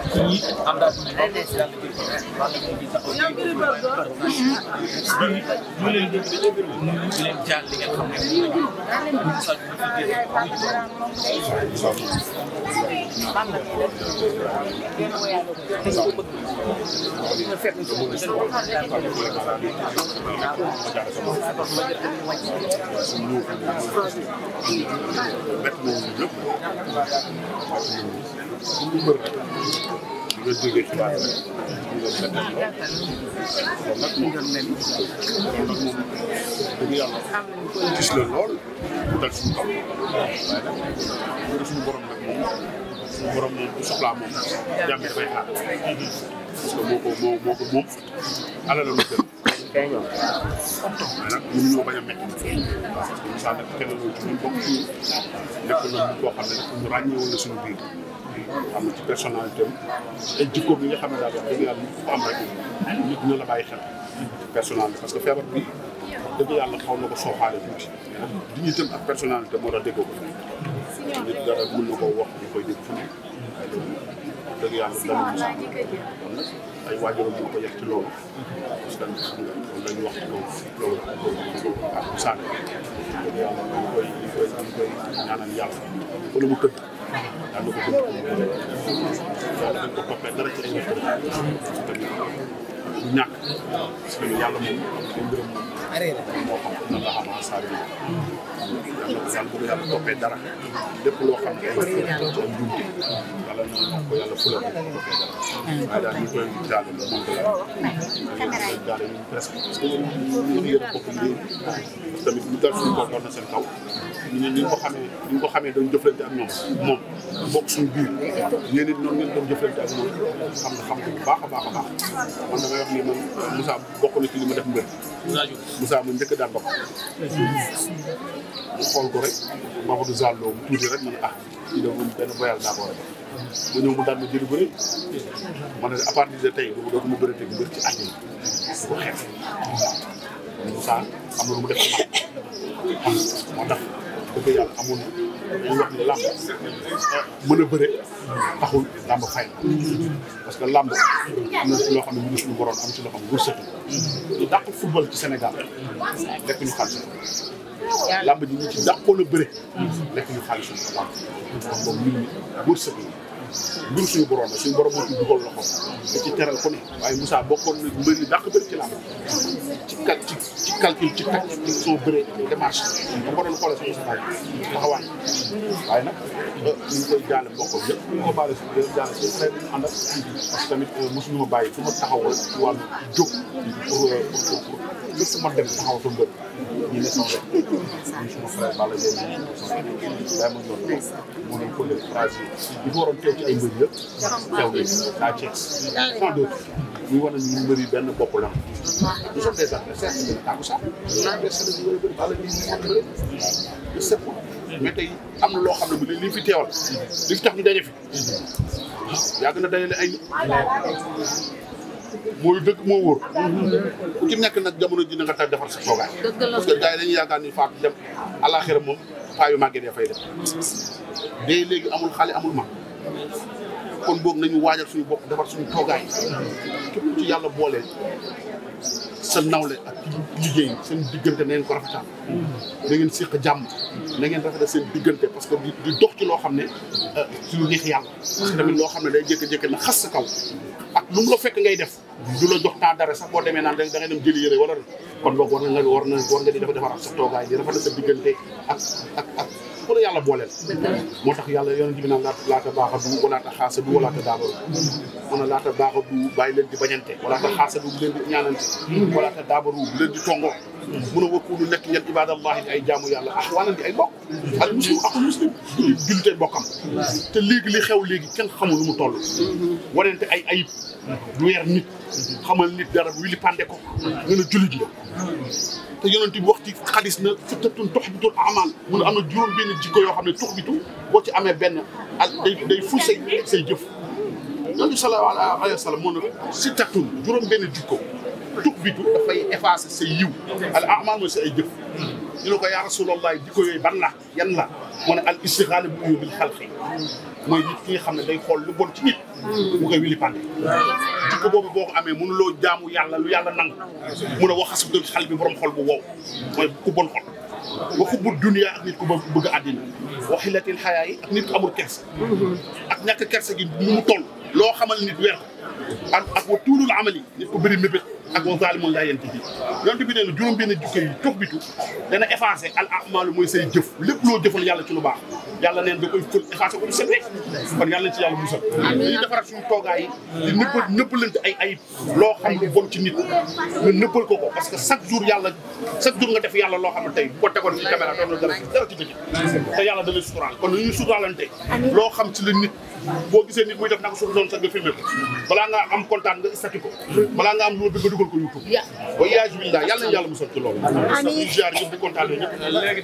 ñi àndaat ñu ñu leen dégg ñu leen jaar li nga xam ne ñu sax ñu fi dégg ñu nga jógee ci baax na nga def lool kon nag moom dëgg yàlla gis la lool bu dal suñu kaw waaye nag loolu suñu borom nag moom suñu borom moom bu soxlaa moom jàmm dafay xaar parce que moo ko moo moo ko moom ala la lu gën tey ñoom. nag mënuñoo bañ a métti. parce que misaal nag kenn loolu ci ñun bokk ci nekk na koo xam ne nag mu ràññeewoon na suñu biir. am na ci personnalité am ay jikko bi nga xam ne daal wax dëgg yàlla nit am rek nit ñu la bàyyi xel ci parce que feebar bi dëgg yàlla xaw na ko sooxaale tuuti di ñu tam ak personnalité moo tax déggoo ko nit mu mën na koo koy dégg fu mu sax kon nag ay waajuram ko yegg ci loolu parce que dëgg yàlla ñu koy ñu koy ñu koy ñaanal yàlla wala mu tëdd ñàkk parce que yàlla arrière moo xam na nga avancé yàlla bu yàlla toppee dara lépp loo xam ne ay njuumte wala ñu mën ko yàlla fulal ko toppee dara waaye daal ñu koy jaale lu mën ko yàlla jaale ñu na seen kaw ñu ñu ko xamee ñu ko xamee doon jëflante ak ñoom moom bokk suñu biir ñeen it noonu ngeen doon jëflante ak moom xam na xam ko bu a baax a baax man damay wax ni man Moussa bokk na ci li ma def mbër Moussa mu njëkk daan bopp xool ko rek Mamadou Zallo mu tuuti rek mu ne ah kii dafa benn boyal naa ko war mu ñëw mu daan ma jëli bu rëy ma ne à partir de tey boobu dootuma ci àll bi bu mu def ci moo tax dëgg yàlla amoon dañuy wax ne làmb mën a bëre taxul làmb fay parce que làmb am na ci loo xam ne ñu suñu boroon am ci loo xam ne wërsëgal ñu dàq football ci Sénégal lekk ñu xaalis làmb ji ñu ci dàqoon a bëre lekk ñu xaalis làmb suñu borom la suñu borom moo ci dugal waaye Moussa bokkoon na mbër yi dàq bëri ci làmb ci cal ci calcul ci tactique ci soo bëree démarche da ko doon xoolal suñu saxaar taxawaay waaye nag euh, ñu ngi koy jaale mbokk yëpp ma ko baale suuf yëpp jaaree suuf xëy na ànd ak parce que tamit mosuñu ma bàyyi fu ma taxawal ci wàllu jóg. pour pour pour pour mbër. ñu ne sama ma doon rek moo doon ko def mbër yi benn bopp la. nous sommes des adversaires. mais tey am loo xam ne bu ne li fi teewal li fi tax ñu daje fi yàgg na dajale ay nit mooy dëgg moo wóor ku ci nekk nag jamono ji na nga tax defar sa toogaay parce que gars yi dañuy yaakaar ni faatu dem àllaaxira moom paa yu màggee dee fay dem dee léegi amul xale amul mag kon boog nañu waajal suñu bopp defar suñu toogaay képp ku ci yàlla boole sa nawle ak liggéey seen diggante na ngeen ko rafetal na ngeen séq jàmm na ngeen rafetal seen diggante parce que di dox ci loo xam ne euh, ci lu neex yàlla parce que tamit loo xam ne day jékki-jékki na xas sa kaw ak lu mu la fekk ngay def du la jox temps dara sax boo demee naan da ngay dem jëli yëre wala kon boog war na nga war na war nga di dafa defaraat sa toogaay di rafetal sa diggante ak ak ak ku la yàlla booleel moo tax yàlla yonent bi naan laata baax a du walaata a du walaata daaba a ne a baax a du bàyyi a di bañante walaata xaasa du a leen di ñaanante walaata daaba du bu leen mun a wëkku ñu nekk ñen ibadallahi di ay jaamu yàlla ak wanan di ay mbokk al muslim ak muslim jullitee bokkam te léegi li xew léegi ken xamul mu toll wanente ay ay lu weer nit xamal nit dara wili pande ko nga ne jullit la te yonent bi wax ci xadis na sittatun tuhbitul amal mu ne am na juróom benn jikko yoo xam ne tuhbitu boo ci amee benn ak day day ful say say jëf yonent bi sallallahu alayhi wa sallam moo ne sittatun jikko tukbitu dafay effacer sa yiw al amal mooy sa ay jëf ñu ne rasulallah jikko yooyu ban la yan la mu ne al istixaana bu ñu bil xalqi mooy nit ki nga xam ne day xool lu bon ci nit mu koy wili pande jikko boobu boo ko amee mënuloo jaamu yàlla lu yàlla nangu mun a waxas dëgg xal bi borom xol bu wow mooy ku bon xol waxu bu duniyaa ak nit ku bëgg àddina waxi latil xayaa yi ak nit ku amul kersa ak ñàkk kersa gi nu mu loo xamal nit weer ak nit ku bëri mébét ak wa zaalimun laa yantahi yonent bi nee na juróom benn jikko yi tux bitu dana effacé al amalu mooy say jëf lépp loo jëfal yàlla ci lu baax yàlla neen da koy fël effacé ko mu set rek kon yàlla ci yàlla musal ñuy defaraat suñu toogaay yi di nëbbal nëbbalante ay ayib loo xam ni bon ci nit ñu nëbbal ko ko parce que chaque jour yàlla chaque jour nga def yàlla loo xam ne tey bu tegoon ci caméra doon na dara dara ci bëccëg te yàlla da lay suturaal kon lu ñuy suturaalante loo xam ci la nit boo gisee nit muy def naka suuf ko balaa nga am kontaan nga stati ko balaa nga am lu ma nga dugal ko YouTube wa yaaju billah yàlla nañu yàlla musal